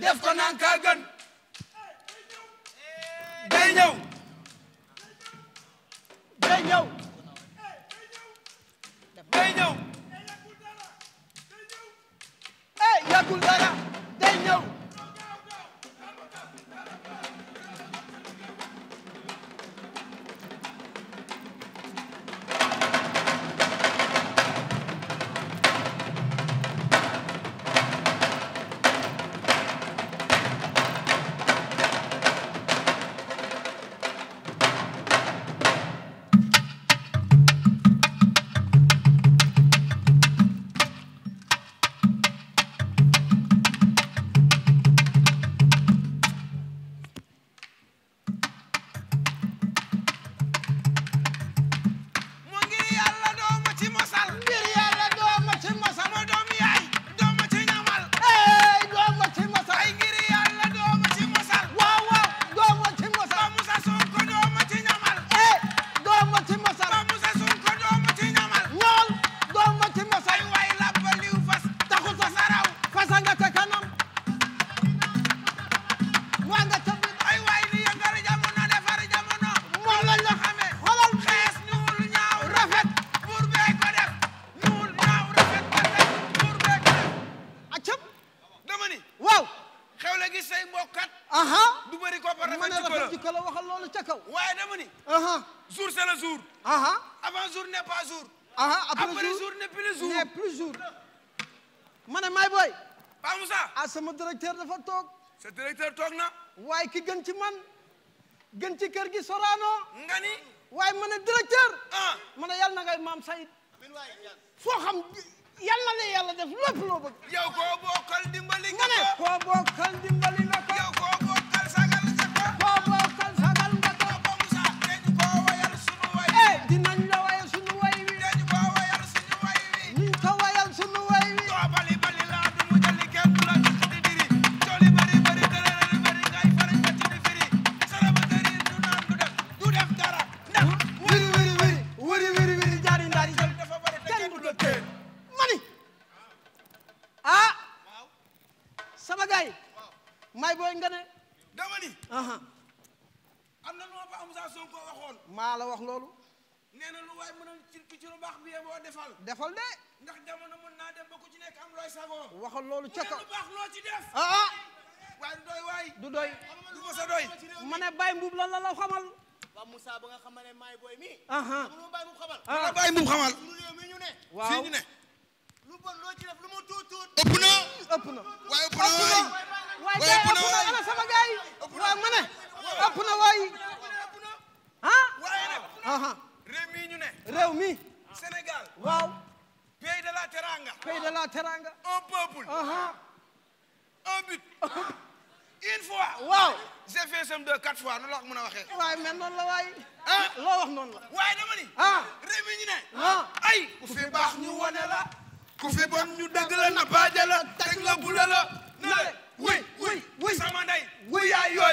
def ko naan kaa gën day ñëw day ñëw acam dama waaw xewle gi say mbokkat aha du bëri ko par waxal loolu ca kaw waaye dama ni aha jour c'est le jour aha avant jour n'est pas jour aha après jour ma ne maay booy Pa Moussa ah sama directeur dafa toog sa directeur toog na waaye ki gën ci man gën ci kër gi Sorano nga ni waaye ma ne directeur ah ma ne Sayid foo xam yal na la yàlla def lépp loo bëgg. yow koo bokkal dimbali. nga ne koo gars yi may nga ne am na lu am saa Sonko waxoon la wax loolu nee na lu waay mën a ci lu baax bi boo defal defal de ndax jamono mën naa dem ku ci nekk am looy sagoo waxal loolu ca kaw lu baax loo ci def ah, ah. du doy waay du doy du ma sa doy ma ne Baye Mbuub lan la la xamal waaw Moussa ba nga xam ne maay booy mi aha lu ne fii lu bon loo ci def lu ma tuut tuut waaye ëpp waaye ana sama gars yi waaw ma na waay ah. aha réew mii ñu ne réew mii Sénégal waaw pays de la waaw j'ai fait sem deux quatre fois nu la wax mën a waxee waaye mais noonu la waay ah. loo wax noonu la waaye dama ni ah. ay ku fi baax wane la ku fi bon ñu na baajala la bu la la. oui oui oui sama ndey. wuyaay yooyu.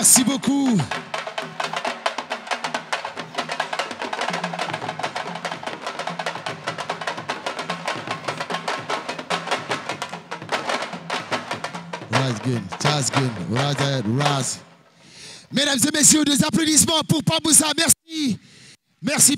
Merci beaucoup. Mesdames et messieurs, des applaudissements pour Paboussa. Merci. Merci